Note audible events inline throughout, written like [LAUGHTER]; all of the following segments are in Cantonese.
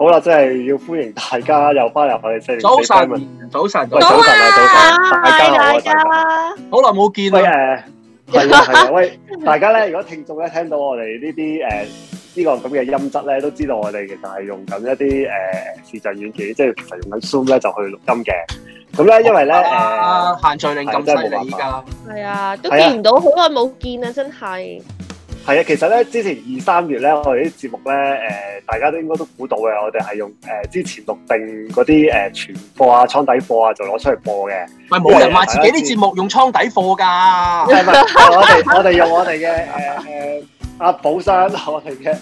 好啦，真係要歡迎大家又翻入去。哋正。早晨，早晨，早晨早啊，早晨，大家好啊，好耐冇見啊。係啊，係啊，喂，大家咧，如果聽眾咧聽到我哋呢啲誒呢個咁嘅音質咧，都知道我哋其實係用緊一啲誒視像軟件，即係用緊 Zoom 咧就去錄音嘅。咁咧，因為咧誒限聚令咁犀利，真係冇辦法係啊，都見唔到，好耐冇見啊，真係。係啊，其實咧之前二三月咧，我哋啲節目咧，誒，大家都應該都估到嘅，我哋係用誒之前錄定嗰啲誒存貨啊、倉底貨啊，就攞出嚟播嘅。咪冇人話自己啲節目用倉底貨噶。我哋我哋用我哋嘅誒誒阿寶山，我哋嘅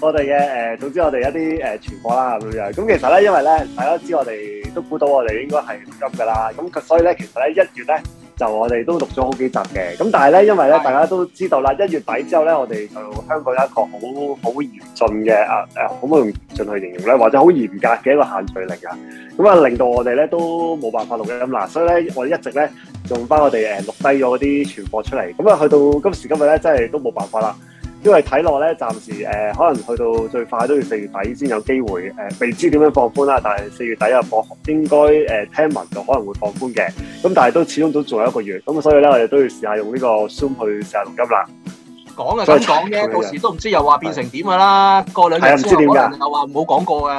我哋嘅誒，總之我哋一啲誒存貨啦咁樣。咁其實咧，因為咧，大家知我哋都估到我哋應該係急噶啦。咁所以咧，其實咧一月咧。就我哋都錄咗好幾集嘅，咁但係咧，因為咧是的 大家都知道啦，一月底之後咧，我哋就香港有一個好好嚴峻嘅啊、誒，好唔好用峻去形容咧，或者好嚴格嘅一個限聚令啊，咁啊令到我哋咧都冇辦法錄音啦，所以咧我哋一直咧用返我哋誒錄低咗啲傳播出嚟，咁啊去到今時今日咧，真係都冇辦法啦。因為睇落咧，暫時誒、呃、可能去到最快都要四月底先有機會誒、呃，未知點樣放寬啦。但係四月底啊，放應該誒、呃、聽聞就可能會放寬嘅。咁但係都始終都仲有一個月咁，所以咧我哋都要試下用呢個 zoom 去試下錄音啦。講啊，想講嘅，嗯、到時都唔知又話變成點噶啦。對過兩日又話唔、啊、知點㗎，又話冇講過嘅。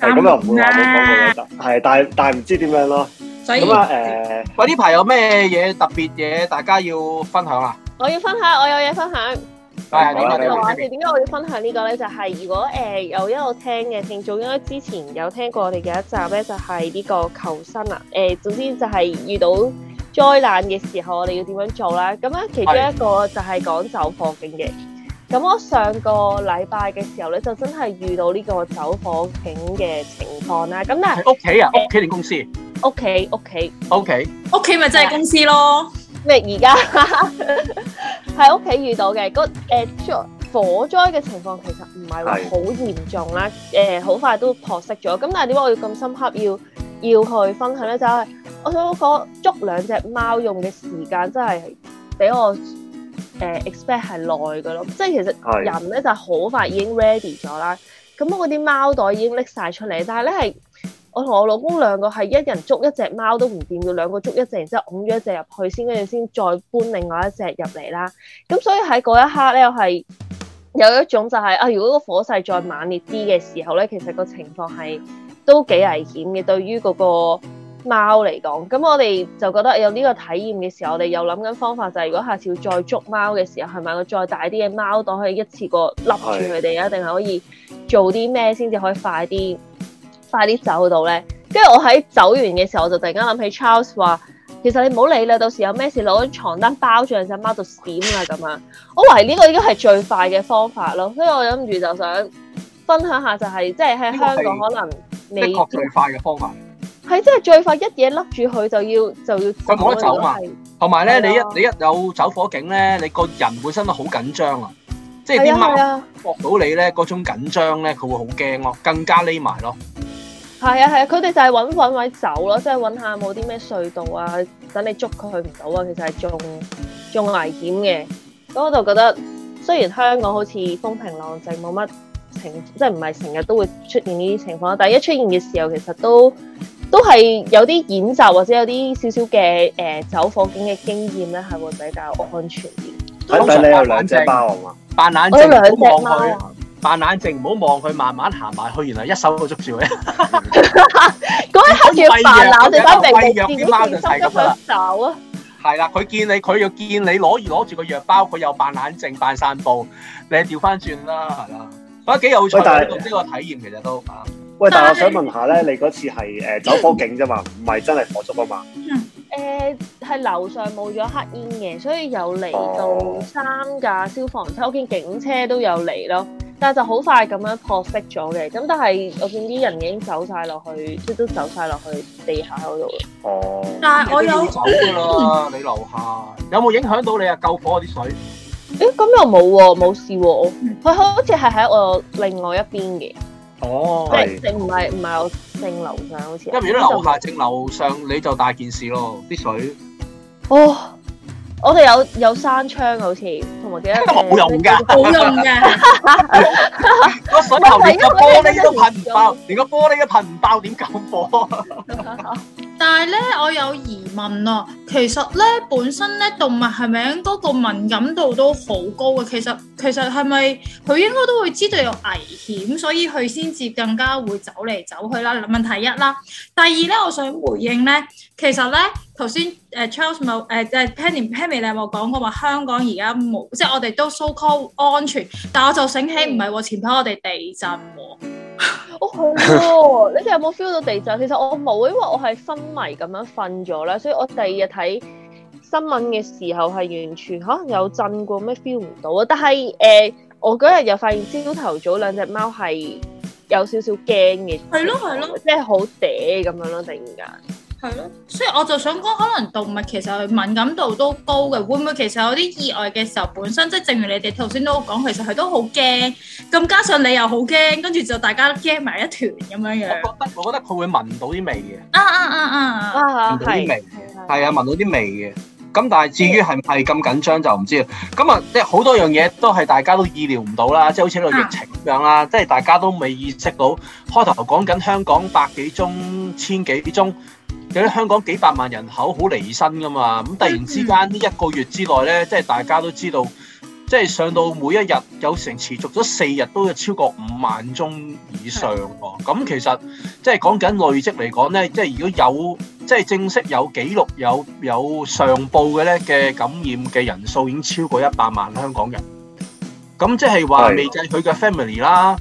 咁又唔會話冇講過嘅，係但係但係唔知點樣咯。咁啊誒，喂，呢排有咩嘢特別嘢大家要分享啊？我要分享，我有嘢分享。呢個話題點解我要分享呢個咧？就係如果誒有一個聽嘅聽眾，應該之前有聽過我哋嘅一集咧，就係呢個求生啊。誒，總之就係遇到災難嘅時候，我哋要點樣做啦？咁咧，其中一個就係講走火警嘅。咁我上個禮拜嘅時候咧，就真係遇到呢個走火警嘅情況啦。咁啊，屋企啊，屋企定公司？屋企，屋企，屋企，屋企咪真係公司咯。咩？而 [LAUGHS] 家喺屋企遇到嘅個、呃、火災嘅情況，其實唔係話好嚴重啦，誒好是、呃、快都撲熄咗。咁但係點解我要咁深刻要要去分享咧？就係、是、我想講捉兩隻貓用嘅時間真係俾我誒 expect 係耐嘅咯。即係其實人咧是就好快已經 ready 咗啦。咁我嗰啲貓袋已經拎晒出嚟，但係咧係。我同我老公兩個係一人捉一隻貓都唔掂，要兩個捉一隻，然之後擁咗一隻入去先，跟住先再搬另外一隻入嚟啦。咁所以喺嗰一刻咧，我係有一種就係、是、啊，如果個火勢再猛烈啲嘅時候咧，其實個情況係都幾危險嘅。對於嗰個貓嚟講，咁我哋就覺得有呢個體驗嘅時候，我哋又諗緊方法、就是，就係如果下次要再捉貓嘅時候，係咪我再大啲嘅貓都可以一次過笠住佢哋啊？定係是可以做啲咩先至可以快啲？快啲走到咧，跟住我喺走完嘅時候，我就突然間諗起 Charles 話：其實你唔好理啦，到時有咩事攞張床單包住隻貓就閃啦咁樣！我懷疑呢個應該係最快嘅方法咯，所以我諗住就想分享下，就係即係喺香港可能未最快嘅方法係即係最快一嘢笠住佢就要就要快啲走啊嘛。同埋咧，你一你一有走火警咧，你個人本身都好緊張啊，即係啲貓搏到你咧嗰種緊張咧，佢會好驚咯，更加匿埋咯。係啊，係啊，佢哋、啊、就係搵搵位走咯，即係搵下冇啲咩隧道啊，等你捉佢去唔到啊。其實係仲仲危險嘅，咁我就覺得雖然香港好似風平浪靜，冇乜情，即係唔係成日都會出現呢啲情況，但係一出現嘅時候，其實都都係有啲演習或者有啲少少嘅誒走火警嘅經驗咧，係會比較安全啲。睇睇然常你有兩隻包啊嘛，扮冷靜都兩隻包。扮冷靜，唔好望佢，慢慢行埋去，原來一手捉住佢。嗰一刻叫煩惱，我哋分明見到貓就係咁啦。係啦，佢見你，佢又見你攞而攞住個藥包，佢又扮冷靜扮散步。你調翻轉啦，係啦，覺得幾有趣。喂，但係個體驗其實都。喂，但係我想問下咧，你嗰次係誒走火警啫嘛？唔係真係火燭啊嘛？誒，係樓上冇咗黑煙嘅，所以有嚟到三架消防車，我見警車都有嚟咯。但係就好快咁樣撲熄咗嘅，咁但係我見啲人已經走晒落去，即係都走晒落去地下嗰度啦。哦！但係我有走噶啦，你樓下有冇影響到你啊？救火嗰啲水？誒，咁又冇喎，冇事喎，我佢好似係喺我另外一邊嘅。哦，即係正唔係唔係我正樓上，好似。因為如果樓下正樓上，你就大件事咯，啲水。哦。我哋有有山槍好似，同埋幾多？都冇用㗎、呃，冇、呃、用㗎 [LAUGHS] [LAUGHS] 球。個水喉連個玻璃都噴唔爆， [LAUGHS] 連個玻璃都噴唔爆，點救火？ [LAUGHS] [LAUGHS] 但係咧，我有疑問啊！其實咧，本身咧動物係咪喺嗰個敏感度都好高啊？其實其實係咪佢應該都會知道有危險，所以佢先至更加會走嚟走去啦？問題一啦。第二咧，我想回應咧，其實咧頭先誒 Charles 冇誒誒 Penny Penny 你有冇講過話香港而家冇，即係我哋都 so called 安全。但我就醒起唔係喎，前排我哋地震喎。哦，係喎，你哋有冇 feel 到地震？其實我冇，因為我係昏迷咁樣瞓咗啦，所以我第二日睇新聞嘅時候係完全可能、啊、有震過咩 feel 唔到啊！但係誒、呃，我嗰日又發現朝頭早兩隻貓係有少少驚嘅，係咯係咯，即係好嗲咁樣咯，突然間。係咯，所以我就想講，可能動物其實敏感度都高嘅，會唔會其實有啲意外嘅時候，本身即係正如你哋頭先都講，其實佢都好驚，咁加上你又好驚，跟住就大家都驚埋一團咁樣樣。我覺得我覺得佢會聞到啲味嘅。啊啊啊啊啊！係係啊，啊，啊聞，聞到啲味嘅。咁但係至於係唔係咁緊張就唔知啦。咁啊，即係好多樣嘢都係大家都意料唔到啦，即係好似個疫情咁樣啦。啊、即係大家都未意識到，開頭講緊香港百幾宗、千幾宗，有啲香港幾百萬人口好離身㗎嘛。咁突然之間呢一個月之內咧，嗯、即係大家都知道，即係上到每一日有成持續咗四日都有超過五萬宗以上喎。咁是的、嗯、其實即係講緊累積嚟講咧，即係如果有。即係正式有記錄有有上報嘅咧嘅感染嘅人數已經超過一百萬香港人。咁即係話未計佢嘅 family 啦，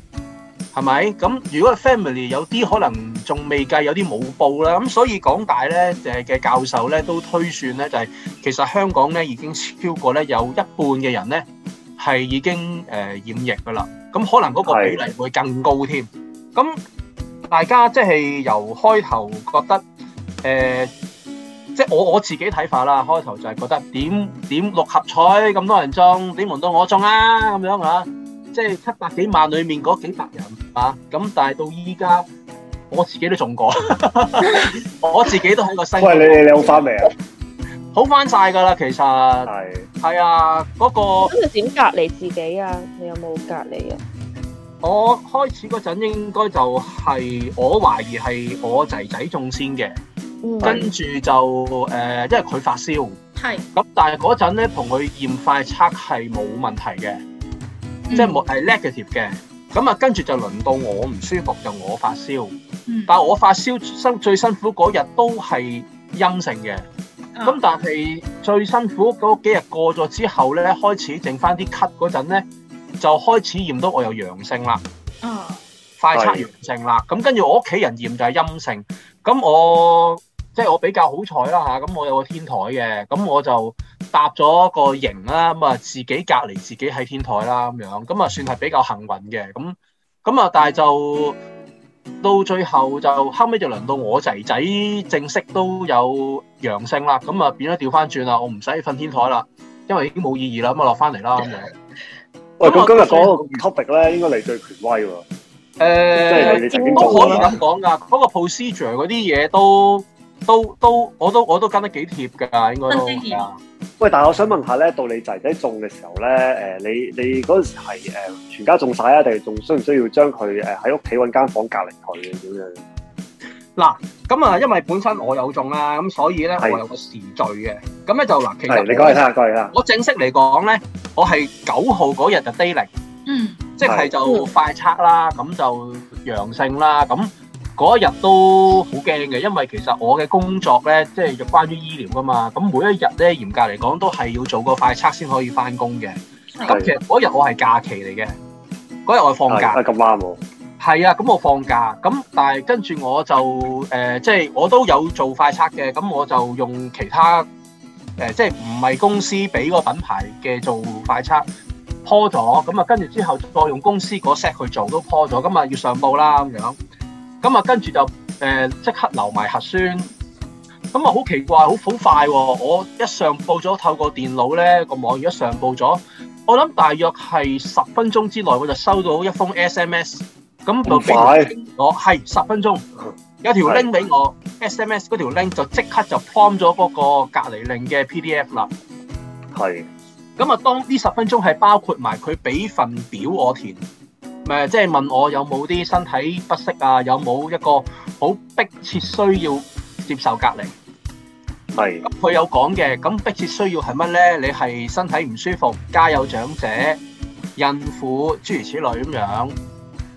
係咪？咁如果 family 有啲可能仲未計，有啲冇報啦。咁所以港大咧誒嘅教授咧都推算咧，就係其實香港咧已經超過咧有一半嘅人咧係已經誒染疫㗎啦。咁可能嗰個比例會更高添。咁大家即係由開頭覺得。誒，即係我我自己睇法啦。開頭就係覺得點點六合彩咁多人中，點輪到我中啊？咁樣啊，即係七百幾萬裏面嗰幾百人啊。咁但係到依家，我自己都中過，我自己都喺個新。喂，你你好翻未啊？好翻晒噶啦，其實係係啊，嗰個咁你點隔離自己啊？你有冇隔離啊？我開始嗰陣應該就係我懷疑係我仔仔中先嘅。跟住就誒，因為佢發燒，係咁，但係嗰陣咧同佢驗快測係冇問題嘅，即係冇係 negative 嘅。咁啊，跟住就輪到我唔舒服，就我發燒。但我發燒辛最辛苦嗰日都係陰性嘅。咁但係最辛苦嗰幾日過咗之後咧，開始剩翻啲咳嗰陣咧，就開始驗到我有陽性啦。嗯，快測陽性啦。咁跟住我屋企人驗就係陰性。咁我。即係我比較好彩啦嚇，咁我有個天台嘅，咁我就搭咗個營啦，咁啊自己隔離自己喺天台啦咁樣，咁啊算係比較幸運嘅，咁咁啊但係就到最後就後尾就輪到我仔仔正式都有陽性啦，咁啊變咗調翻轉啦，我唔使瞓天台啦，因為已經冇意義啦，咁啊落翻嚟啦咁樣。喂，咁今日講嗰個 topic 咧應該嚟最權威喎。誒，都可以咁講噶，嗰個 procedure 嗰啲嘢都。都都，我都我都跟得幾貼㗎，應該都。 [LAUGHS] 喂，但係我想問下咧，到你仔仔種嘅時候咧，誒、呃，你你嗰陣時係誒、呃、全家種晒啊，定係仲需唔需要將佢誒喺屋企揾間房隔離佢嘅咁樣？嗱，咁啊，因為本身我有種啦，咁所以咧是我有個時序嘅，咁咧就嗱，其實你講下，嗰句啦，我正式嚟講咧，我係九號嗰日就低零，嗯，即係就，就快測啦，咁、嗯、就陽性啦，咁。嗰一日都好驚嘅，因為其實我嘅工作咧，即係就關於醫療噶嘛。咁每一日咧，嚴格嚟講都係要做個快測先可以返工嘅。咁其實嗰日我係假期嚟嘅，嗰日我放假。咁啱喎，係啊，咁我放假。咁但係跟住我就誒，即係我都有做快測嘅。咁我就用其他誒，即係唔係公司俾個品牌嘅做快測 po 咗。咁啊，跟住之後再用公司嗰 set 去做都 po 咗。咁啊，要上報啦咁樣。咁啊，跟住就誒即刻留埋核酸。咁啊，好奇怪，好好快喎！我一上報咗，透過電腦咧個網頁一上報咗，我諗大約係十分鐘之內，我就收到一封 SMS。咁就俾我係十分鐘，有條 link 俾我是 SMS 嗰條 link 就即刻就 form 咗嗰個隔離令嘅 PDF 啦。係是。咁啊，當呢十分鐘係包括埋佢俾份表我填。誒，即係問我有冇啲身體不適啊？有冇一個好迫切需要接受隔離？係佢是有講嘅，咁迫切需要係乜呢？你係身體唔舒服，家有長者、孕婦，諸如此類咁樣。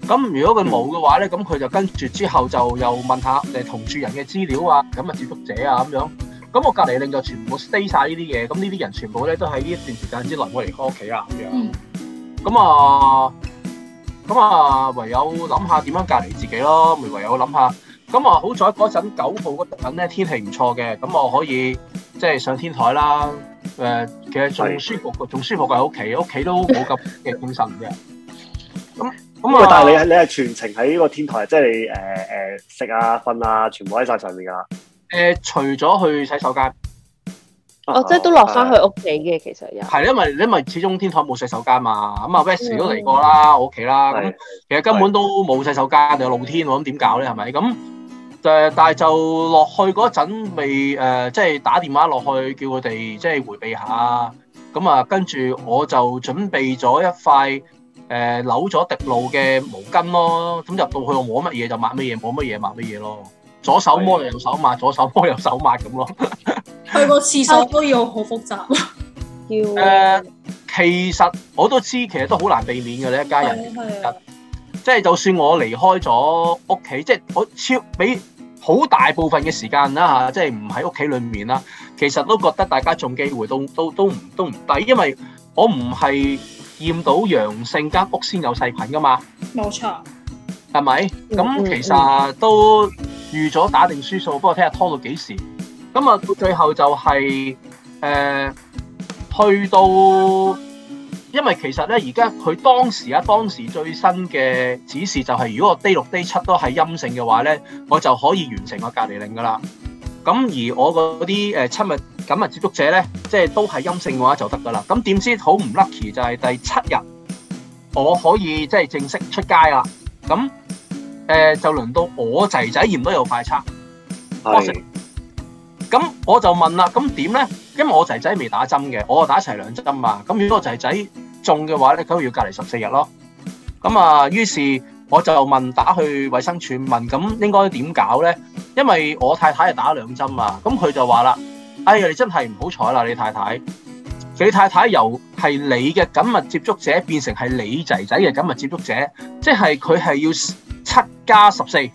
咁如果佢冇嘅話呢，咁佢就跟住之後就又問下誒同住人嘅資料啊，咁啊接觸者啊咁樣。咁我隔離令就全部 stay 晒呢啲嘢，咁呢啲人全部呢都喺呢一段時間之內我離開屋企啊咁樣。咁、嗯、啊～咁啊，唯有諗下點樣隔離自己咯，咪唯有諗下。咁啊，好在嗰陣九號嗰陣咧天氣唔錯嘅，咁我可以即係上天台啦。誒、呃，其實仲舒服，仲的舒服過喺屋企，屋企都冇咁嘅精神嘅。咁咁啊，但係你係你係全程喺呢個天台，即係誒誒食啊瞓啊，全部喺晒上面噶啦。誒、呃，除咗去洗手間。哦，即係都落翻去屋企嘅，其實又係，因為因為始終天台冇洗手間嘛。咁啊，Wesley 都嚟過啦，我屋企啦，其實根本都冇洗手間，有露天，咁點搞咧？係咪咁？誒，但係就落去嗰陣未誒，即係打電話落去，叫我哋即係回避下啊，咁啊，跟住我就準備咗一塊誒，扭咗滴露嘅毛巾咯，咁入到去我摸乜嘢就抹乜嘢，摸乜嘢抹乜嘢咯，左手摸右手抹，左手摸右手抹咁咯。去個廁所都要好複雜，要誒、呃，其實我都知，其實都好難避免嘅呢一家人，即係就算我離開咗屋企，即係我超俾好大部分嘅時間啦嚇，即係唔喺屋企裏面啦，其實都覺得大家仲機會都都都唔都唔抵，因為我唔係驗到陽性間屋先有細菌噶嘛。冇錯，係咪？咁、嗯、其實都預咗打定輸數，不過聽日拖到幾時？咁啊，佢最後就係、是、誒、呃、去到，因為其實咧，而家佢當時啊，當時最新嘅指示就係、是，如果我 day 六、day 七都係陰性嘅話咧，我就可以完成個隔離令噶啦。咁而我嗰啲誒親密緊密接觸者咧，即係都係陰性嘅話就得噶啦。咁點知好唔 lucky 就係第七日，我可以即係正式出街啦。咁誒、呃、就輪到我仔仔驗都有快測，係。咁我就問啦，咁點咧？因為我仔仔未打針嘅，我啊打齊兩針嘛。咁如果我仔仔中嘅話咧，佢要隔離十四日咯。咁啊，於是我就問打去衛生署問，咁應該點搞咧？因為我太太係打兩針嘛，咁佢就話啦：哎呀，你真係唔好彩啦，你太太。你太太由係你嘅緊密接觸者變成係你仔仔嘅緊密接觸者，即係佢係要七加十四。14，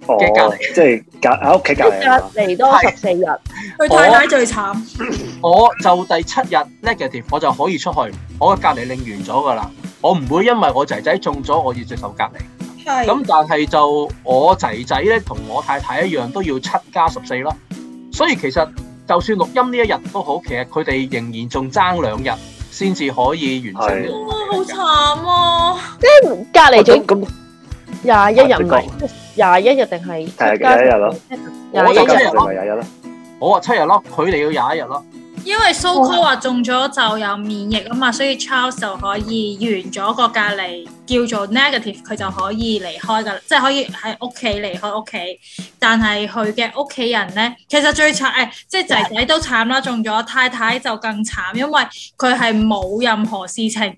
嘅隔離，哦、即係隔喺屋企隔離隔離多十四日，佢 [LAUGHS] 太太最慘。我就第七日 negative，我就可以出去。我嘅隔離令完咗㗎喇，我唔會因為我仔仔中咗的，我要接受隔離。係咁，但係就我仔仔咧，同我太太一樣都要七加十四啦。所以其實就算錄音呢一日都好，其實佢哋仍然仲爭兩日，先至可以完成的。哇、哦，好慘啊！即係隔離咗咁廿一日。啊 21 廿一日定係廿一日咯、啊？我七日咪廿一日、啊？我話七日咯、啊，佢哋、啊啊、要廿一日咯、啊。因為蘇科話中咗就有免疫啊嘛，所以 Charles 就可以完咗個隔離，叫做 negative，佢就可以離開噶啦，即係可以喺屋企離開屋企。但係佢嘅屋企人咧，其實最慘誒、哎，即係仔仔都慘啦，中咗太太就更慘，因為佢係冇任何事情。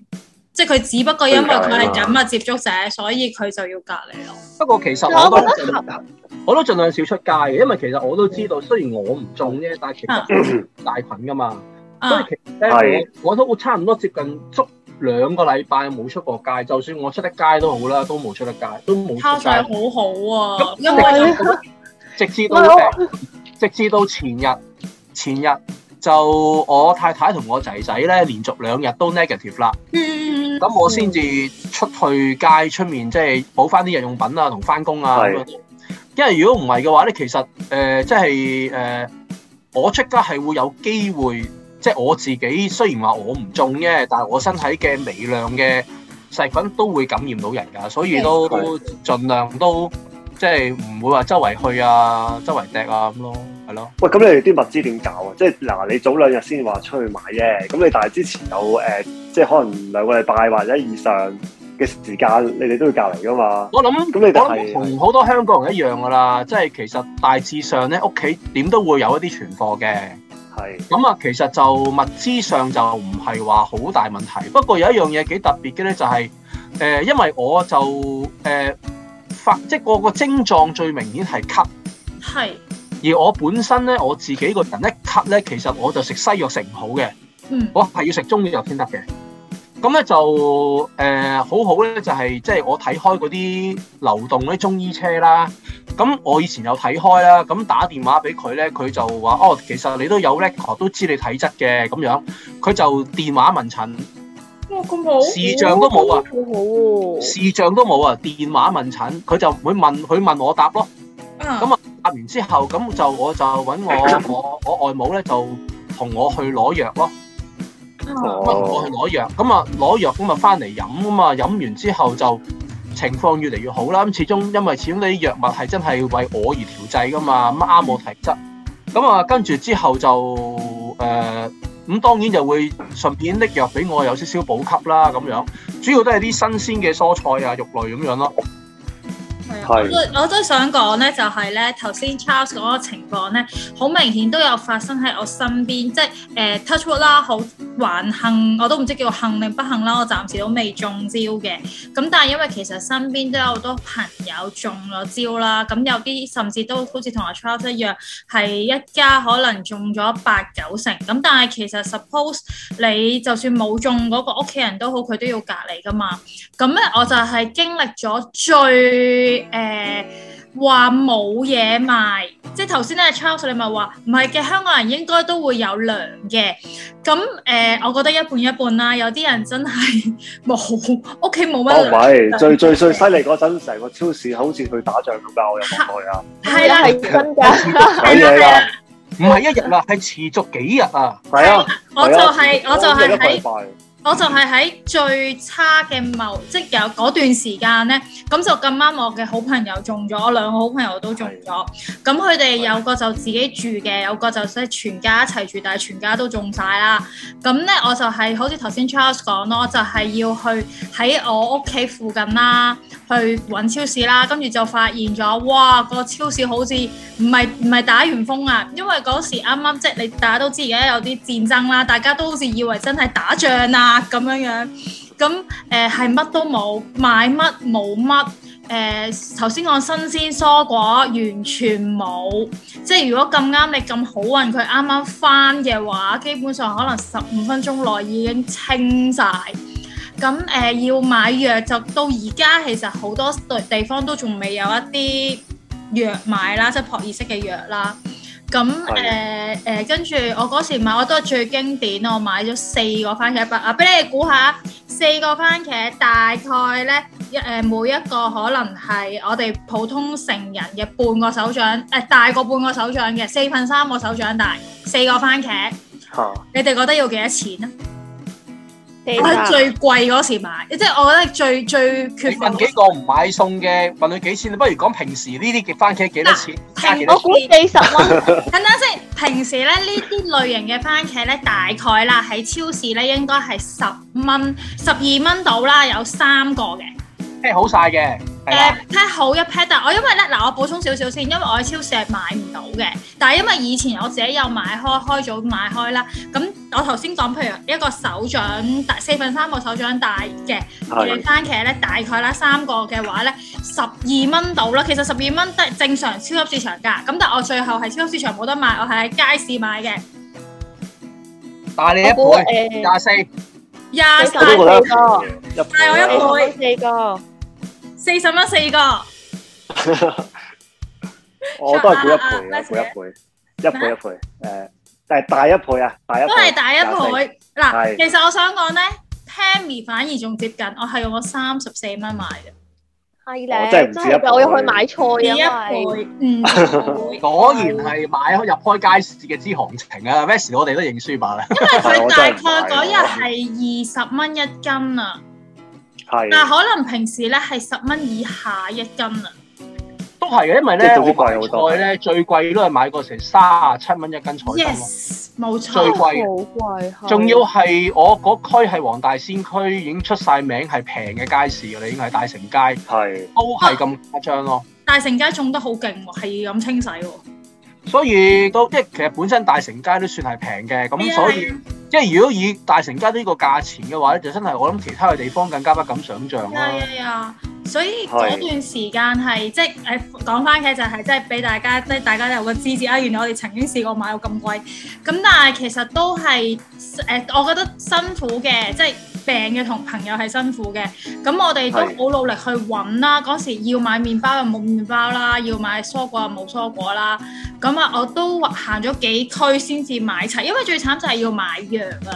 即係佢只不過因為佢係緊密接觸者，啊，所以佢就要隔離咯。不過其實我都、啊、我都盡量少出街嘅，因為其實我都知道，雖然我唔中啫，但係其實大菌噶嘛。所以、啊、其實、啊、我，我都差唔多接近足兩個禮拜冇出過街，就算我出得街都好啦，都冇出得街，都冇出街，好好啊。因為直至到、啊、直至到前日，前日。就我太太同我仔仔咧，連續兩日都 negative 啦，咁、嗯、我先至出去街出面，即係補翻啲日用品啊，同翻工啊是因為如果唔係嘅話咧，其實誒即係誒，我出街係會有機會，即、就、係、是、我自己雖然話我唔中嘅，但係我身體嘅微量嘅細菌都會感染到人噶，所以都盡量都即係唔會話周圍去啊，周圍趯啊咁咯。係咯，Hello? 喂，咁你哋啲物資點搞啊？即係嗱、啊，你早兩日先話出去買啫。咁你但係之前有誒，即係可能兩個禮拜或者以上嘅時間，你哋都要隔離噶嘛？我諗想，咁你同好多香港人一樣噶啦，是即係其實大致上咧，屋企點都會有一啲存貨嘅。係是。咁啊，其實就物資上就唔係話好大問題。不過有一樣嘢幾特別嘅咧，就係誒，因為我就誒、呃、發，即係個個症狀最明顯係咳。係。而我本身咧，我自己個人一咳咧，其實我就食西藥食唔好嘅，嗯、我係要食中藥先得嘅。咁咧就誒、呃、好好咧，就係、是、即係我睇開嗰啲流動嗰啲中醫車啦。咁我以前有睇開啦，咁打電話俾佢咧，佢就話：哦，其實你都有叻學，都知你體質嘅咁樣。佢就電話問診，咁、哦、好視像都冇啊，哦、好好、啊、喎，視像都冇啊，電話問診，佢就會問佢問我答咯，咁啊、嗯。嗯押完之後，咁就我就揾我我我外母咧，就同我去攞藥咯。咁啊，我去攞藥，咁啊攞藥，咁啊翻嚟飲，吖嘛。飲完之後就情況越嚟越好啦。咁始終因為始終啲藥物係真係為我而調劑噶嘛，咁啱我體質。咁啊，跟住之後就誒，咁、呃、當然就會順便拎藥俾我有少少補給啦，咁樣主要都係啲新鮮嘅蔬菜啊、肉類咁樣咯。嗯、我，都我都想講呢，就係、是、呢頭先 Charles 嗰個情況呢，好明顯都有發生喺我身邊，即係誒 touchwood 啦，好、呃、還幸我都唔知叫幸定不幸啦，我暫時都未中招嘅。咁但係因為其實身邊都有好多朋友中咗招啦，咁有啲甚至都好似同阿 Charles 一樣，係一家可能中咗八九成。咁但係其實 suppose 你就算冇中嗰個屋企人都好，佢都要隔離㗎嘛。咁呢，我就係經歷咗最～誒話冇嘢賣，即係頭先咧，Charles 你咪話唔係嘅，香港人應該都會有糧嘅。咁誒，我覺得一半一半啦。有啲人真係冇屋企冇乜。哦，唔係最最最犀利嗰陣，成個超市好似去打仗咁㗎，我有冇啊！係啦，係真㗎，係啦係啦，唔係一日啊，係持續幾日啊！係啊，我就係我就係。我就係喺最差嘅某，即、就係、有嗰段時間呢。咁就咁啱我嘅好朋友中咗，我兩個好朋友都中咗，咁佢哋有個就自己住嘅，有個就即係全家一齊住，但係全家都中晒啦。咁呢，我就係、係、好似頭先 Charles 講咯，就係要去喺我屋企附近啦。去揾超市啦，跟住就發現咗，哇！個超市好似唔係唔係打完風啊，因為嗰時啱啱即係你大家都知而家有啲戰爭啦，大家都好似以為真係打仗啊咁樣樣，咁誒係乜都冇，買乜冇乜，誒頭先講新鮮蔬果完全冇，即係如果咁啱你咁好運，佢啱啱翻嘅話，基本上可能十五分鐘內已經清晒。咁誒、嗯呃、要買藥就到而家，其實好多地方都仲未有一啲藥買啦，即係樸爾式嘅藥啦。咁誒誒，跟、呃、住、呃、我嗰時買我都係最經典我買咗四個番茄啊！俾你估下，四個番茄大概咧一誒每一個可能係我哋普通成人嘅半個手掌，誒、呃、大過半個手掌嘅四份三個手掌大，四個番茄。啊、你哋覺得要幾多錢啊？佢最貴嗰時買，即係我覺得最最缺。問幾個唔買餸嘅，問佢幾錢？你不如講平時呢啲嘅番茄幾多錢？我估四十蚊。等陣先，平時咧呢啲類型嘅番茄咧，大概啦喺超市咧應該係十蚊、十二蚊到啦，有三個嘅。pat 好曬嘅，誒 pat 好一 pat，但係我因為咧嗱，我補充少少先，因為我喺超市係買唔到嘅，但係因為以前我自己有買開，開咗買開啦，咁我頭先講譬如一個手掌大，四分三個手掌大嘅嘅番茄咧，大概啦三個嘅話咧，十二蚊到啦，其實十二蚊得正常超級市場㗎，咁但係我最後係超級市場冇得賣，我係喺街市買嘅。大你一倍，廿四，廿四個，大我一倍，四個。四十蚊四個，我都係估一倍，估一倍，一倍一倍，誒，但係大一倍啊，都係大一倍。嗱，其實我想講咧，Pammy 反而仲接近，我係用咗三十四蚊買嘅，係咧，我要去買菜啊，一倍，唔，果然係買入開街市嘅支行情啊咩時我哋都認輸埋啦，因為佢大概嗰日係二十蚊一斤啊。嗱，但可能平時咧係十蚊以下一斤啦、啊，都係嘅，因為咧我啲菜咧最貴都係買過成三十七蚊一斤菜心，冇錯，最貴，仲要係我嗰區係黃大仙區，已經出晒名係平嘅街市㗎啦，已經係大城街，係是都係咁誇張咯、啊。大城街種得好勁喎，係咁清洗喎，所以都即係其實本身大城街都算係平嘅，咁所以。即係如果以大成家呢個價錢嘅話咧，就真係我諗其他嘅地方更加不敢想像啦。係啊，所以嗰段時間係即係講翻嘅就係、是、即係俾大家即係大家有個知知啊，原來我哋曾經試過買到咁貴，咁但係其實都係誒，我覺得辛苦嘅，即係。病嘅同朋友係辛苦嘅，咁我哋都好努力去揾啦。嗰是時要買麵包又冇麵包啦，要買蔬果又冇蔬果啦，咁啊我都行咗幾區先至買齊，因為最慘就係要買藥啊。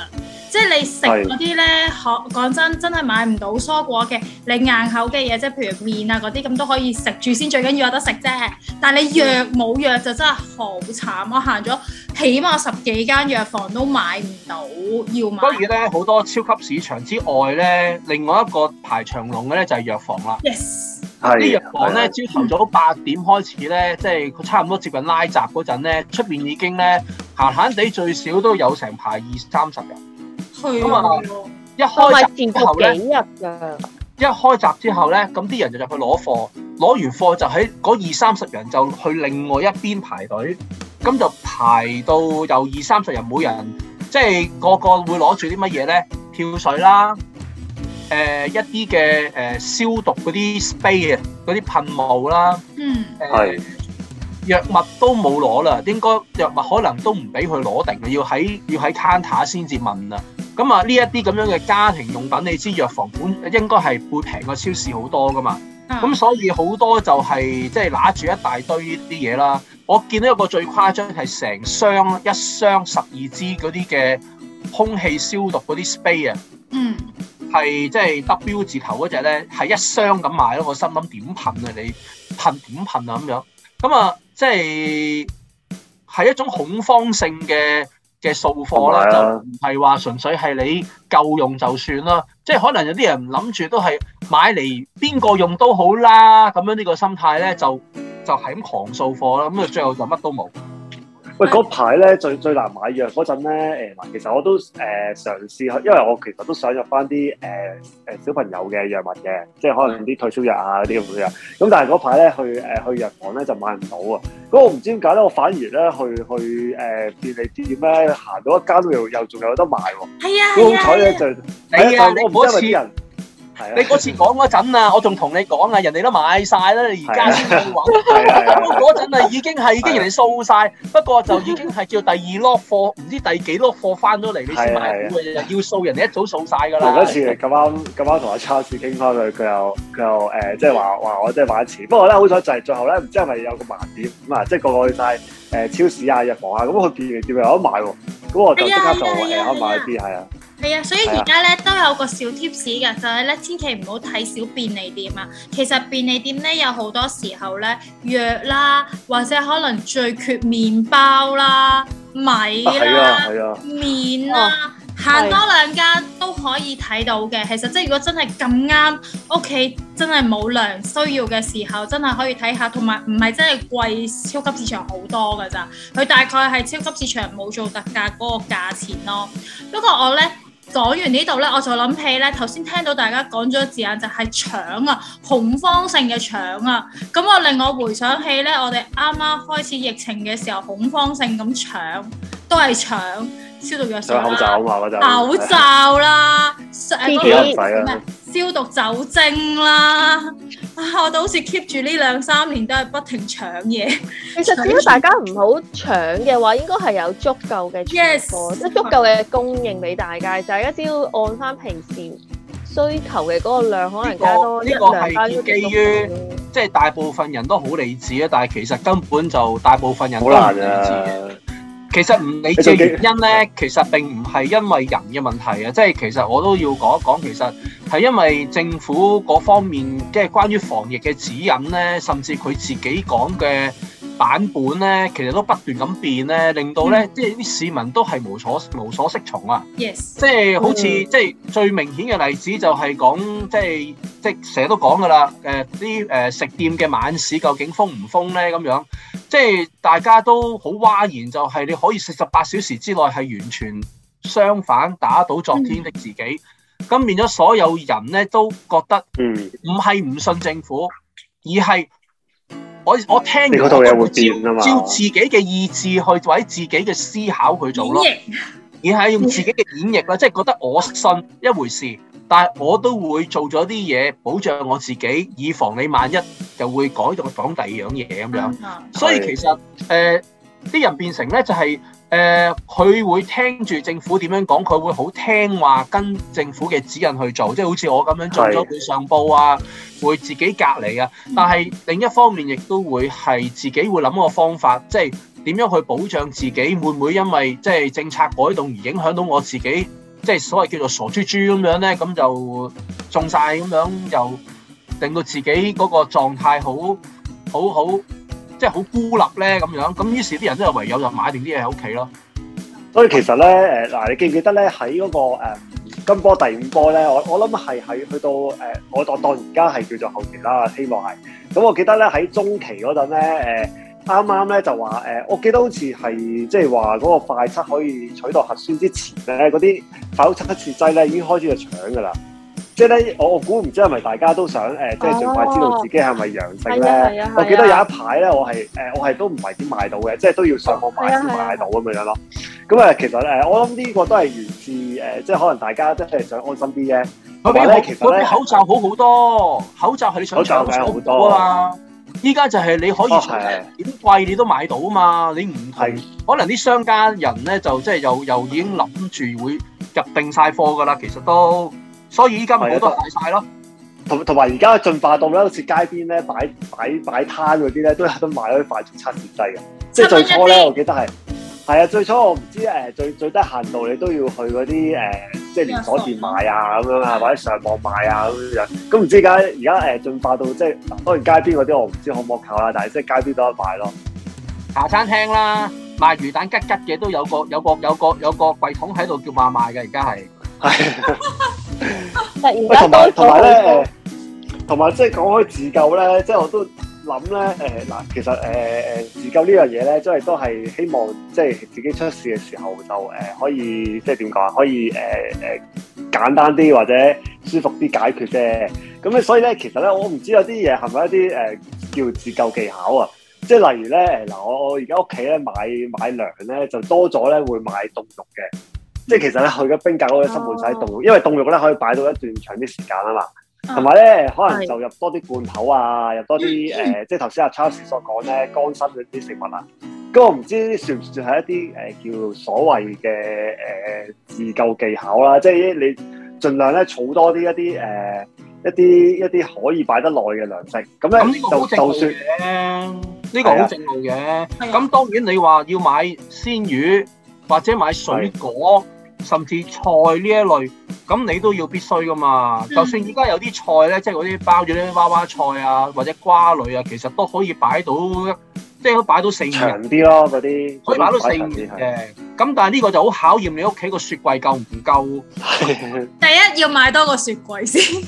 即係你食嗰啲咧，可講的真真係買唔到蔬果嘅，你硬口嘅嘢，即係譬如麵啊嗰啲，咁都可以食住先。最緊要有得食啫。但係你藥冇藥就真係好慘啊！行咗起碼十幾間藥房都買唔到，要買。當然咧，好多超級市場之外咧，另外一個排長龍嘅咧就係、是、藥房啦。Yes，係啲的藥房咧，朝頭的早八點開始咧，即係佢差唔多接近拉閘嗰陣咧，出邊已經咧閒閒地最少都有成排二三十人。佢一開閘之後咧，嗯、一開閘之後咧，咁啲人就入去攞貨，攞完貨就喺嗰二三十人就去另外一邊排隊，咁就排到有二三十人，每人即係、就是、個個會攞住啲乜嘢咧？漂水啦，誒、呃、一啲嘅誒消毒嗰啲 spray 啊，嗰啲噴霧啦，嗯，係、嗯、是藥物都冇攞啦，應該藥物可能都唔俾佢攞定要喺要喺 counter 先至問啊。咁啊，呢一啲咁樣嘅家庭用品，你知藥房本應該係會平過超市好多噶嘛？咁、嗯、所以好多就係即係揦住一大堆啲嘢啦。我見到一個最誇張係成箱一箱十二支嗰啲嘅空氣消毒嗰啲 spray 啊，嗯，係即係 W 字頭嗰隻咧，係一箱咁買咯。我心諗點噴啊你噴？噴點噴啊咁樣？咁啊，即係係一種恐慌性嘅。嘅掃貨啦，是是啊，就唔係話純粹係你夠用就算啦，即係可能有啲人諗住都係買嚟邊個用都好啦，咁樣呢個心態咧，就就係咁狂掃貨啦，咁啊最後就乜都冇。喂，嗰排咧最最難買藥嗰陣咧，誒，其實我都誒、呃、嘗試去，因為我其實都想入翻啲誒誒小朋友嘅藥物嘅，即係可能啲退燒藥啊啲咁嘅嘢。咁但係嗰排咧去誒、呃、去藥房咧就買唔到啊！咁我唔知點解咧，我反而咧去去誒、呃、便利店咧行到一家都有，又仲有得賣喎、啊。係啊，啊好彩咧、啊、就，哎啊、但係我唔知因為啲人。你嗰次講嗰陣啊，我仲同你講啊，人哋都買晒啦，你而家先去揾。嗰陣啊，已經係已經人哋掃晒， [LAUGHS] 不過就已經係叫第二 lot 貨，唔知第幾 lot 貨翻咗嚟你先買，要掃人哋一早掃晒㗎啦。嗰次咁啱咁啱同阿 Charles 傾開佢，佢又佢又誒即係話話我即係、就是、買一次，不過咧好彩就係最後咧，唔知係咪有個盲點咁啊，即、就、係、是、個個去晒誒超市啊、藥房啊，咁佢見完點樣我買喎，咁我就即刻就誒買啲係啊。係啊，所以而家咧都有個小 tips 嘅，就係、係、咧千祈唔好睇小便利店啊。其實便利店咧有好多時候咧藥啦，或者可能最缺麵包啦、米啦、麵啦、啊，行、啊啊啊、多兩間都可以睇到嘅。啊、其實即係如果真係咁啱屋企真係冇糧需要嘅時候，真係可以睇下，同埋唔係真係貴，超級市場好多㗎咋。佢大概係超級市場冇做特價嗰個價錢咯。不過我咧～講完呢度呢，我就諗起呢，頭先聽到大家講咗字眼就係搶啊，恐慌性嘅搶啊，咁我令我回想起呢，我哋啱啱開始疫情嘅時候恐慌性咁搶，都係搶。消毒藥水啦，口罩啊嘛，口罩啦，消毒酒精啦，我哋好似 keep 住呢兩三年都係不停搶嘢。其實只要大家唔好搶嘅話，應該係有足夠嘅，Yes，即係足夠嘅供應俾大家，就係大家只要按翻平時需求嘅嗰個量，可能加多一兩。呢個係基於，即係大部分人都好理智啊，但係其實根本就大部分人都好難理智啊。其實唔理嘅原因呢，其實並唔係因為人嘅問題啊，即係其實我都要講一講，其實係因為政府嗰方面即係關於防疫嘅指引呢，甚至佢自己講嘅。版本咧，其實都不斷咁變咧，令到咧，嗯、即係啲市民都係無所無所適從啊！Yes，即係好似、嗯、即係最明顯嘅例子就係講，即係即係成日都講噶啦，誒啲誒食店嘅晚市究竟封唔封咧？咁樣即係大家都好嘩然，就係你可以四十八小時之內係完全相反打倒昨天的自己，咁、嗯、變咗所有人咧都覺得，嗯，唔係唔信政府，而係。我我聽完有有會照照自己嘅意志去，或者自己嘅思考去做咯，然藝後用自己嘅演繹啦，藝即係覺得我信一回事，但係我都會做咗啲嘢保障我自己，以防你萬一就會改到講第二樣嘢咁樣。嗯、所以其實誒啲是、呃、人變成咧就係、是。誒，佢、呃、會聽住政府點樣講，佢會好聽話跟政府嘅指引去做，即係好似我咁樣做咗佢上報啊，的會自己隔離啊。但係另一方面亦都會係自己會諗個方法，即係點樣去保障自己，會唔會因為即係政策改動而影響到我自己，即係所謂叫做傻豬豬咁樣呢，咁就中晒咁樣，又令到自己嗰個狀態好，好好。即係好孤立咧咁樣，咁於是啲人都係唯有就買定啲嘢喺屋企咯。所以其實咧，誒、呃、嗱，你記唔記得咧？喺嗰、那個、呃、金波第五波咧，我我諗係喺去到誒、呃，我當當而家係叫做後期啦，希望係。咁我記得咧喺中期嗰陣咧，誒啱啱咧就話誒、呃，我記得好似係即係話嗰個快測可以取代核酸之前咧，嗰啲快測嘅試劑咧已經開始就搶㗎啦。即係咧，我我估唔知係咪大家都想誒，即係盡快知道自己係咪陽性咧。係啊。我記得有一排咧，我係誒，我係都唔係點買到嘅，即係都要上網買先買到咁樣樣咯。咁啊，其實誒，我諗呢個都係源自誒，即係可能大家即係想安心啲啫。佢俾我其實咧，口罩好好多，口罩係你想戴就戴到啊嘛。依家就係你可以搶，點貴你都買到啊嘛。你唔可能啲商家人咧就即係又又已經諗住會入定曬貨噶啦。其實都。所以依家咪有得買晒咯，同同埋而家進化到咧，好似街邊咧擺擺擺，擺攤嗰啲咧，都有得買嗰啲快速測試劑嘅。7 元 即係最初咧，我記得係係啊，最初我唔知誒，最最低限度你都要去嗰啲誒，即係連鎖店買啊咁樣啊，的的或者上網買啊咁樣。咁唔知而家而家誒進化到即係當然街邊嗰啲我唔知好唔好靠啦，但係即係街邊都有得買咯。茶餐廳啦，賣魚蛋吉吉嘅都有個有個有個有個櫃桶喺度叫賣賣嘅，而家係。 [LAUGHS] [LAUGHS] 突然間同埋咧，同埋即係講開自救咧，即係我都諗咧，誒嗱，其實誒誒自救呢樣嘢咧，即係都係希望即係自己出事嘅時候就誒可以即係點講啊？可以誒誒簡單啲或者舒服啲解決啫。咁咧，所以咧，其實咧，我唔知有啲嘢係咪一啲誒叫自救技巧啊？即係例如咧，嗱，我我而家屋企咧買買糧咧就多咗咧會買凍肉嘅。即係其實咧，佢嘅冰格嗰啲塞滿曬凍肉，因為凍肉咧可以擺到一段長啲時間啊嘛。同埋咧，可能就入多啲罐頭啊，入多啲誒、呃，即係頭先阿 Charles 所講咧，乾身嗰啲食物啊。咁我唔知算唔算係一啲誒、呃、叫所謂嘅誒、呃、自救技巧啦、啊。即係你盡量咧儲多啲一啲誒、呃、一啲一啲可以擺得耐嘅糧食。咁咧就就算，呢個好正嘅。咁、啊、當然你話要買鮮魚或者買水果。甚至菜呢一類，咁你都要必須㗎嘛。就算而家有啲菜咧，即係嗰啲包住啲娃娃菜啊，或者瓜類啊，其實都可以擺到，即係都擺到四人啲咯。嗰啲可以擺到四人嘅。咁但係呢個就好考驗你屋企個雪櫃夠唔夠啊？ [LAUGHS] [LAUGHS] 第一要買多個雪櫃先。 [LAUGHS]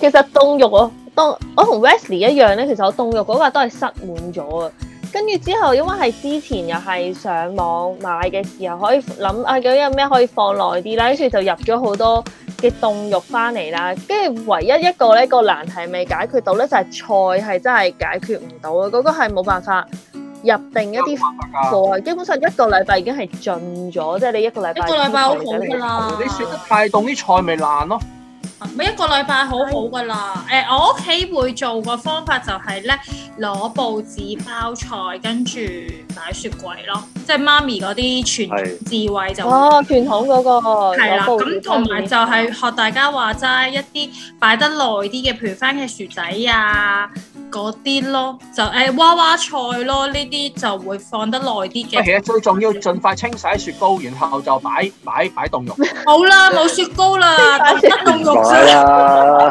其實凍肉啊，凍，我同 Wesley 一樣咧。其實冬我凍肉嗰個都係塞滿咗啊。跟住之後，因為係之前又係上網買嘅時候，可以諗啊，究竟有咩可以放耐啲啦？跟住就入咗好多嘅凍肉翻嚟啦。跟住唯一一個咧個難題未解決到咧，就係菜係真係解決唔到嘅，嗰個係冇辦法入定一啲貨，係基本上一個禮拜已經係盡咗，即係你一個禮拜一個禮拜好好㗎啦。你雪得太凍，啲菜咪爛咯。咪一個禮拜好好㗎啦。誒，我屋企會做個方法就係咧。攞報紙包菜，跟住擺雪櫃咯，即係媽咪嗰啲傳統智慧就哦，傳統嗰個係啦，咁同埋就係學大家話齋一啲擺得耐啲嘅，譬如番茄薯仔啊。嗰啲咯，就誒娃娃菜咯，呢啲就會放得耐啲嘅。其實最重要，盡快清洗雪糕，然後就擺擺擺凍肉。 [LAUGHS] 好啦，冇雪糕啦，得凍肉先啦。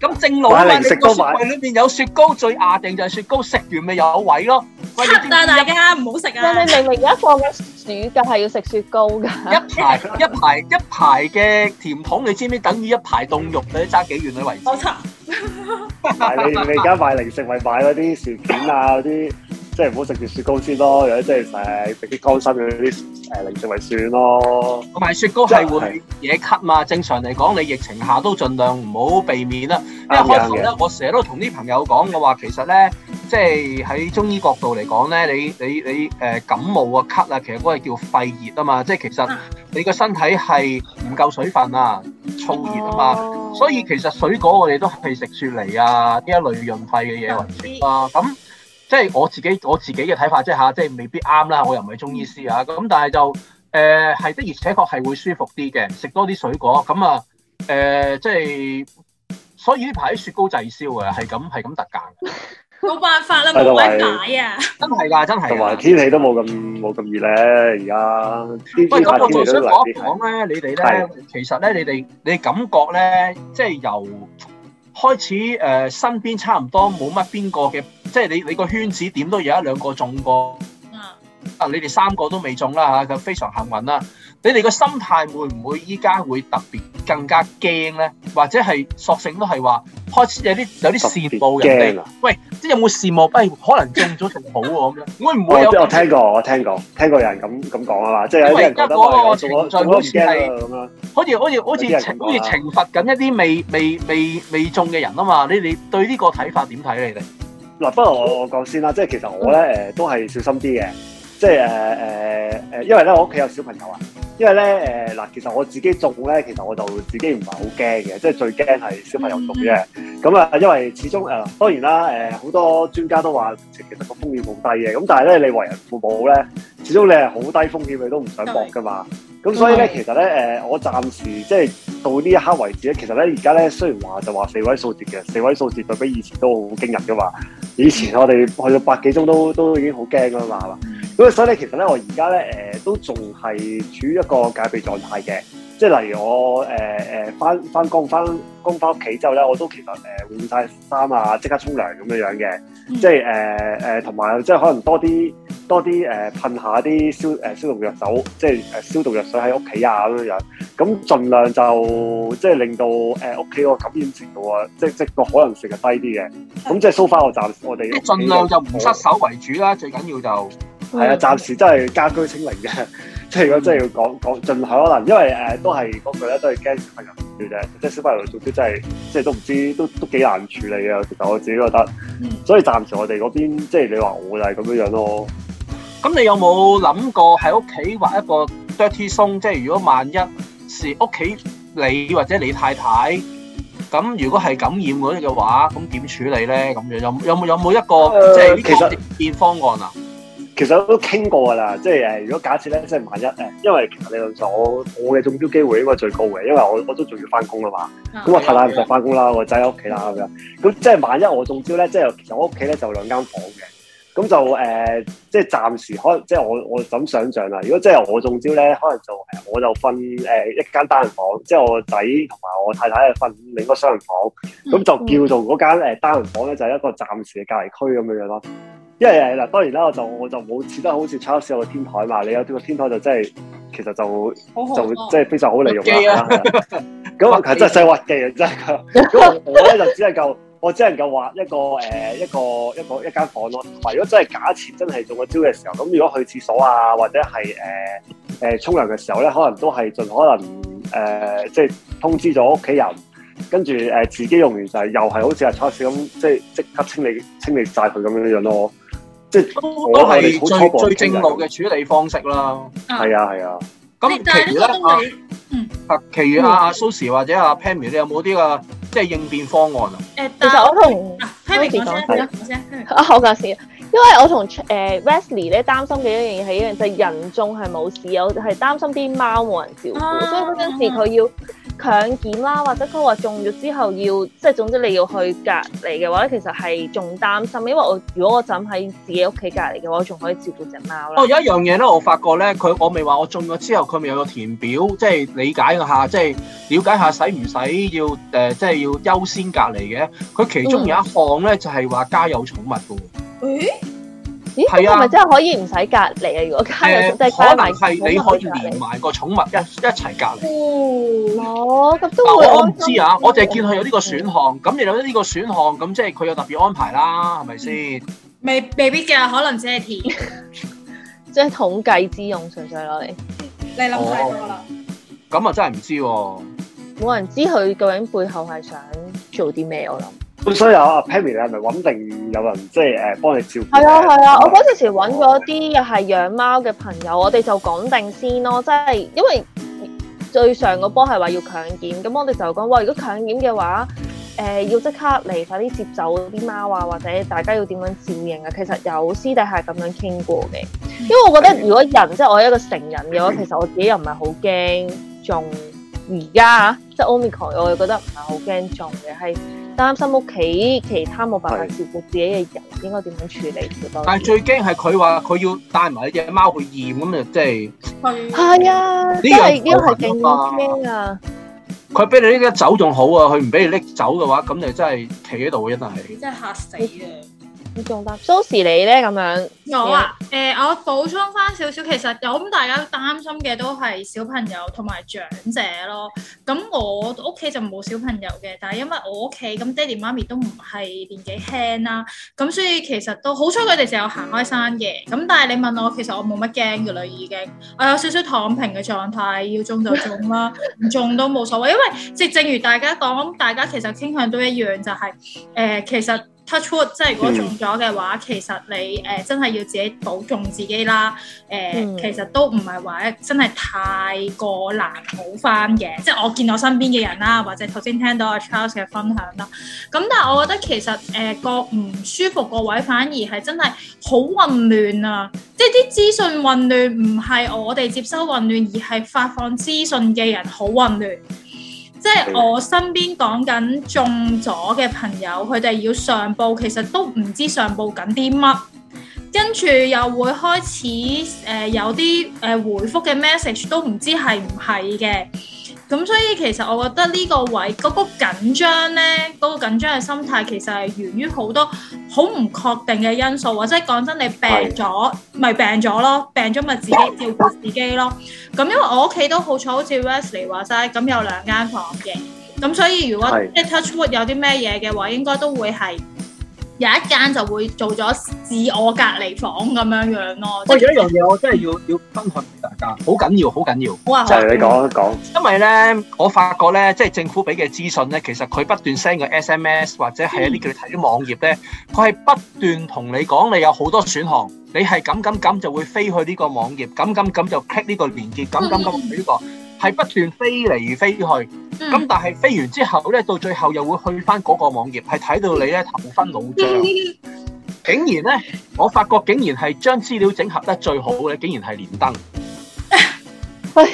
咁 [LAUGHS] 正路啊，食到埋。裏邊有雪糕，最壓定就係雪糕，食完咪有位咯。喂，曬大家唔好食啊！一啊你明明而家放嘅暑假，係要食雪糕噶。 [LAUGHS] 一排一排一排嘅甜筒，你知唔知？等於一排凍肉，你揸幾遠嘅位置？冇錯！係。 [LAUGHS] [LAUGHS] [LAUGHS] 你你而家買零食，咪買嗰啲薯片啊，嗰啲即係唔好食住雪糕先咯。有果即係食食啲乾濕嗰啲誒零食咪算咯。同埋雪糕係會惹咳嘛。正常嚟講，你疫情下都盡量唔好避免啦。一開頭咧，嗯嗯、我成日都同啲朋友講，我話其實咧，即係喺中醫角度嚟講咧，你你你誒感冒啊咳啊，其實嗰個係叫肺熱啊嘛。即係其實你個身體係唔夠水分啊。燥熱啊嘛，所以其實水果我哋都係食雪梨啊呢一類潤肺嘅嘢為主啦。咁即係我自己我自己嘅睇法，即係吓，即係未必啱啦。我又唔係中醫師啊。咁但係就誒係的而且確係會舒服啲嘅。食多啲水果咁啊誒，即係所以呢排啲雪糕滯銷啊，係咁係咁特價。冇辦法啦，冇得解啊！真係噶，真係。同埋天氣都冇咁冇咁熱咧，而家。喂，咁我仲想講一講咧，你哋咧，其實咧，你哋你感覺咧，即係由開始誒，身邊差唔多冇乜邊個嘅，即係你你個圈子點都有一兩個中過。啊！啊！你哋三個都未中啦吓，咁非常幸運啦。你哋個心態會唔會依家會特別更加驚咧？或者係索性都係話開始有啲有啲羨慕人哋，啊、喂，即係有冇羨慕？哎，可能中咗仲好喎咁樣，會唔會有？我我聽過，我聽過，聽過有人咁咁講啊嘛，即係因為而家個情況，有啲覺得、哎、我我唔驚啦咁樣，好似好似好似懲好似懲罰緊一啲未未未未中嘅人啊嘛？你你對個呢個睇法點睇你哋？嗱、嗯，不過我講先啦，即係其實我咧誒、嗯嗯嗯嗯、都係小心啲嘅，即係誒誒誒，因為咧我屋企有小朋友啊。因為咧，誒、呃、嗱，其實我自己做咧，其實我就自己唔係好驚嘅，即係最驚係小朋友中啫。咁啊、mm，hmm. 因為始終誒、呃，當然啦，誒、呃、好多專家都話，其實個風險好低嘅。咁但係咧，你為人父母咧，始終你係好低風險，你都唔想搏噶嘛。咁、mm hmm. 所以咧，其實咧，誒我暫時即係到呢一刻為止咧，其實咧而家咧雖然話就話四位數字嘅，四位數字對比以前都好驚人嘅嘛。以前我哋去到百幾宗都都已經好驚啦嘛。Mm hmm. 所以咧，其實咧，我而家咧，誒都仲係處於一個戒備狀態嘅。即係例如我誒誒翻翻工翻工翻屋企之後咧，我都其實誒換晒衫啊，即刻沖涼咁樣樣嘅。即係誒誒，同埋，呃，呃，即係可能多啲多啲誒噴下啲消誒消毒藥酒，即係誒消毒藥水喺屋企啊咁樣樣。咁盡量就即係令到誒屋企個感染程度啊，即係即個可能性係低啲嘅。咁的即係 so far，我暫時我哋一盡量就唔失手為主啦，最緊要就係。係、嗯、啊，暫時真係家居清零嘅，即 [LAUGHS] 係如果真係要講講盡，可能因為誒都係嗰句咧，都係驚小朋友啫。即係小朋友油污污真係，即係都唔知都都幾難處理啊。其實我自己覺得，所以暫時我哋嗰邊即係你話我就係咁樣樣咯。咁、嗯、你有冇諗過喺屋企畫一個 dirty zone？即係如果萬一是屋企你或者你太太咁，如果係感染嗰啲嘅話，咁點處理咧？咁樣有有冇有冇一個即係呢個預建方案啊？呃其實都傾過噶啦，即係誒，如果假設咧，即係萬一誒，因為其實理論上，我我嘅中標機會應該最高嘅，因為我我都仲要翻工啦嘛，咁、啊、我太太唔使翻工啦，的我仔喺屋企啦咁樣，咁的即係萬一我中招咧，即係其實我屋企咧就兩間房嘅，咁就誒、呃，即係暫時可能，即係我我咁想象啦。如果即係我中招咧，可能就我就瞓誒一間單人房，即係我仔同埋我太太咧瞓另一個雙人房，咁、嗯、就叫做嗰間誒單人房咧就係、是、一個暫時嘅隔離區咁樣樣咯。因為嗱，yeah, yeah, yeah, 當然啦，我就我就冇似得好似 Charles 有個天台嘛，你有呢個天台就真係其實就就即係非常好利用啦。咁其實真係細滑嘅，真係。咁 [LAUGHS] [LAUGHS] 我咧就只能夠，我只能夠畫一個誒一個一個一間房咯。如果真係假設真係中咗招嘅時候，咁如果去廁所啊或者係誒誒沖涼嘅時候咧，可能都係盡可能誒、呃、即係通知咗屋企人，跟住誒自己用完就係又係好似阿 Charles 咁，即係即刻清理清理晒佢咁樣樣咯。即都都係最最正路嘅處理方式啦。係啊，係啊。咁其餘咧，阿嗯，啊其餘阿阿 Sosze 或者阿 Pammy，你有冇啲啊即係應變方案啊？誒，其實我同 Pammy 講先，我講啊，我講先，因為我同誒 Wesley 咧擔心嘅一樣嘢係一樣，就係人仲係冇事，我係擔心啲貓冇人照顧，所以嗰陣時佢要強檢啦，或者佢話中咗之後要，即係總之你要去隔離嘅話咧，其實係仲擔心，因為我如果我枕喺自己屋企隔離嘅話，我仲可以照顧隻貓啦。哦，有一樣嘢咧，我發覺咧，佢我未話我中咗之後，佢咪有個填表，即係理解下，即係了解下使唔使要誒、呃，即係要優先隔離嘅。佢其中有一項咧、嗯、就係話家有寵物噶。誒、欸。咦？係咪、啊、真係可以唔使隔離啊？如果加入即係連埋個寵物一齊隔離，一隔，哦、咁、哦、都、啊、我唔知啊！我淨係見佢有呢個選項，咁、嗯、你有呢個選項，咁即係佢有特別安排啦，係咪先？未未必嘅，可能只係填，即係 [LAUGHS] 統計之用，純粹攞、啊、嚟。你諗太多啦！咁啊、嗯，可能 哦、真係唔知。冇人知佢究竟背後係想做啲咩？我諗、嗯。咁所以啊，阿 Pam 你係咪揾定有人即係誒幫你照顧你？係啊，係啊。嗯、我嗰陣時揾過一啲又係養貓嘅朋友，嗯、我哋就講定先咯。即、就、係、是、因為最上個波係話要強檢，咁我哋就講話如果強檢嘅話，誒、呃、要即刻嚟快啲接走啲貓啊，或者大家要點樣照應啊？其實有私底下咁樣傾過嘅，因為我覺得如果人、嗯、即係我一個成人嘅話， [LAUGHS] 其實我自己又唔係好驚中而家即係 Omicron，我又覺得唔係好驚中嘅係，擔心屋企其他冇辦法照顧自己嘅人，的應該點樣處理？但係最驚係佢話佢要帶埋呢隻貓去驗，咁啊、就是，即係係係啊！呢個呢係驚啊！佢俾你拎走仲好啊，佢唔俾你拎走嘅話，咁就真係企喺度一嚟，真係吓死啊！ [NOISE] 你仲得 Sosze 你咧咁樣？我啊，誒、呃，我補充翻少少，其實有咁大家擔心嘅都係小朋友同埋長者咯。咁我屋企就冇小朋友嘅，但係因為我屋企咁爹哋媽咪都唔係年紀輕啦，咁所以其實都好彩佢哋成日行開山嘅。咁但係你問我，其實我冇乜驚噶啦，已經我有少少躺平嘅狀態，要中就中啦，啊，唔 [LAUGHS] 中都冇所謂。因為即正如大家講，大家其實傾向都一樣，就係、是、誒、呃，其實。Touch wood, 即係如果中咗嘅話，嗯、其實你誒、呃、真係要自己保重自己啦。誒、呃，嗯、其實都唔係話真係太過難好翻嘅，即係我見到身邊嘅人啦，或者頭先聽到阿 Charles 嘅分享啦。咁但係我覺得其實誒個唔舒服個位反而係真係好混亂啊！即係啲資訊混亂，唔係我哋接收混亂，而係發放資訊嘅人好混亂。即係我身邊講緊中咗嘅朋友，佢哋要上報，其實都唔知上報緊啲乜，跟住又會開始誒、呃、有啲誒、呃、回覆嘅 message 都唔知係唔係嘅。咁所以其實我覺得呢個位嗰個緊張咧，嗰個緊張嘅心態其實係源於好多好唔確定嘅因素，或者講真你病咗，咪是病咗咯，病咗咪自己照顧自己咯。咁因為我屋企都好彩，好似 Wesley 話齋，咁有兩間房嘅，咁所以如果即 touch wood 有啲咩嘢嘅話，應該都會係。有一間就會做咗自我隔離房咁樣樣咯。我有一樣嘢，我真係要要分享俾大家，好緊要，好緊要。哇就係你講一講。因為咧，我發覺咧，即係政府俾嘅資訊咧，其實佢不斷 send 個 SMS 或者係一啲叫你睇啲網頁咧，佢係、嗯、不斷同你講，你有好多選項，你係咁咁咁就會飛去呢個網頁，咁咁咁就 click 呢個連結，咁咁咁呢個。嗯係不斷飛嚟飛去，咁但係飛完之後咧，到最後又會去翻嗰個網頁，係睇到你咧頭昏腦脹，竟然咧，我發覺竟然係將資料整合得最好嘅，竟然係連登，係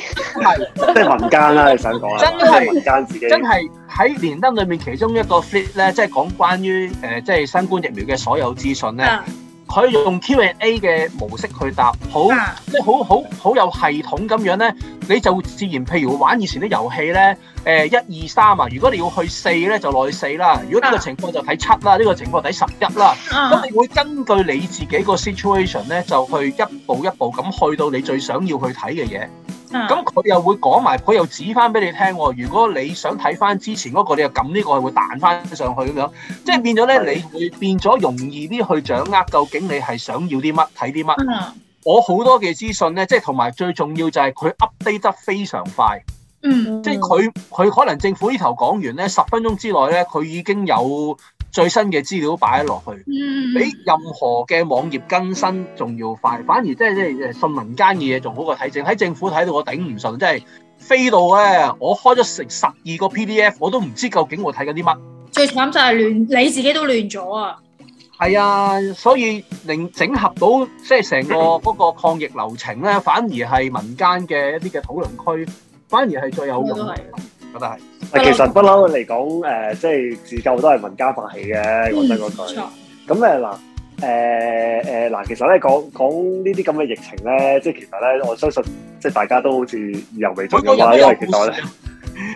即係民間啦、啊，你想講啦，真係的民間自己，真係喺連登裡面其中一個 fit 咧，即係講關於誒、呃、即係新冠疫苗嘅所有資訊咧。嗯佢用 Q and A 嘅模式去答，好，即係好好好有系統咁樣咧，你就自然譬如玩以前啲遊戲咧，誒一二三啊，如果你要去四咧就落去四啦，如果呢個情況就睇七啦，呢個情況睇十一啦，咁你會根據你自己個 situation 咧就去一步一步咁去到你最想要去睇嘅嘢。咁佢、嗯、又會講埋，佢又指翻俾你聽喎、哦。如果你想睇翻之前嗰、那個，你又撳呢個會彈翻上去咁樣，即係變咗咧，的你會變咗容易啲去掌握究竟你係想要啲乜，睇啲乜。嗯、我好多嘅資訊咧，即係同埋最重要就係佢 update 得非常快。嗯，即係佢佢可能政府頭呢頭講完咧，十分鐘之內咧，佢已經有。最新嘅資料擺咗落去，比任何嘅網頁更新仲要快。反而即係即係信民間嘅嘢仲好過睇政，喺政府睇、就是、到我頂唔順，即係飛到咧，我開咗成十二個 PDF，我都唔知究竟我睇緊啲乜。最慘就係亂，你自己都亂咗啊！係啊，所以令整合到即係成個嗰個抗疫流程咧， [LAUGHS] 反而係民間嘅一啲嘅討論區，反而係最有用嚟。咁啊，其實不嬲嚟講，誒，即係自救都係民間發起嘅，講真嗰句。咁誒嗱，誒誒嗱，其實咧講講呢啲咁嘅疫情咧，即係其實咧，我相信即係大家都好似意猶未盡嘅話，因為其實咧，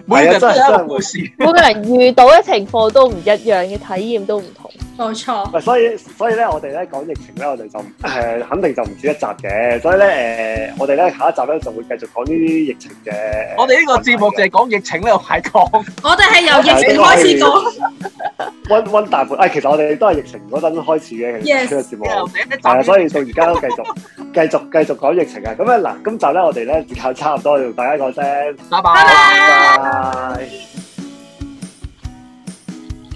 每一個真係真係每個人遇到嘅情況都唔一樣，嘅體驗都唔同。冇錯，所以所以咧，我哋咧講疫情咧，我哋就誒肯定就唔止一集嘅，所以咧誒，我哋咧下一集咧就會繼續講呢啲疫情嘅。我哋呢個節目就係講疫情呢個排講。我哋係由疫情開始講。溫溫大盤，誒，其實我哋都係疫情嗰陣開始嘅，其實呢個節目，係啊，所以到而家都繼續繼續繼續講疫情啊！咁啊嗱，今集咧我哋咧最後差唔多同大家講聲，拜拜。